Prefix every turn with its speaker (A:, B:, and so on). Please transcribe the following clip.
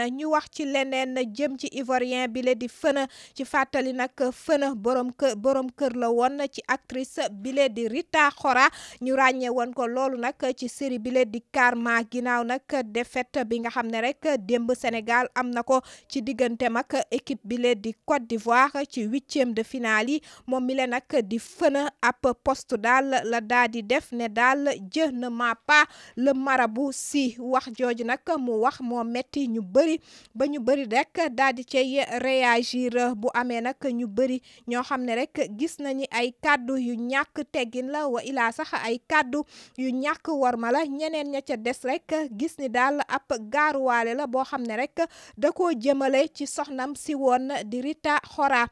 A: na ñu wax ci leneen na jëm ci ivoirien bi le di fëna ci fàttali nag fëna borom kër borom kër la woon ci actrice bile di Rita Ora ñu ràññee woon ko loolu nag ci série bile le di Karma ginnaaw nag défaite bi nga xam ne rek démb Sénégal am na ko ci diggante mag équipe bi le di Côte d'Ivoire ci huitième de finale yi moom mi le nag di fëna ab poste daal la daa di def ne daal jë na ma pas le marabout si wax jooju nag mu wax moo metti ñu bëri ba ñu bari rek daal di cay bu amee nag ñu bari ñoo xam ne rekk gis nañu ay kàddu yu ñàkk teggin la wa ilaa sax ay kàddu yu ñàkk warma la ñeneen ña ca des rekk gis ni daal ab gaaruwaale la boo xam ne rek da koo jëmale ci soxnam si woon di Rita Xora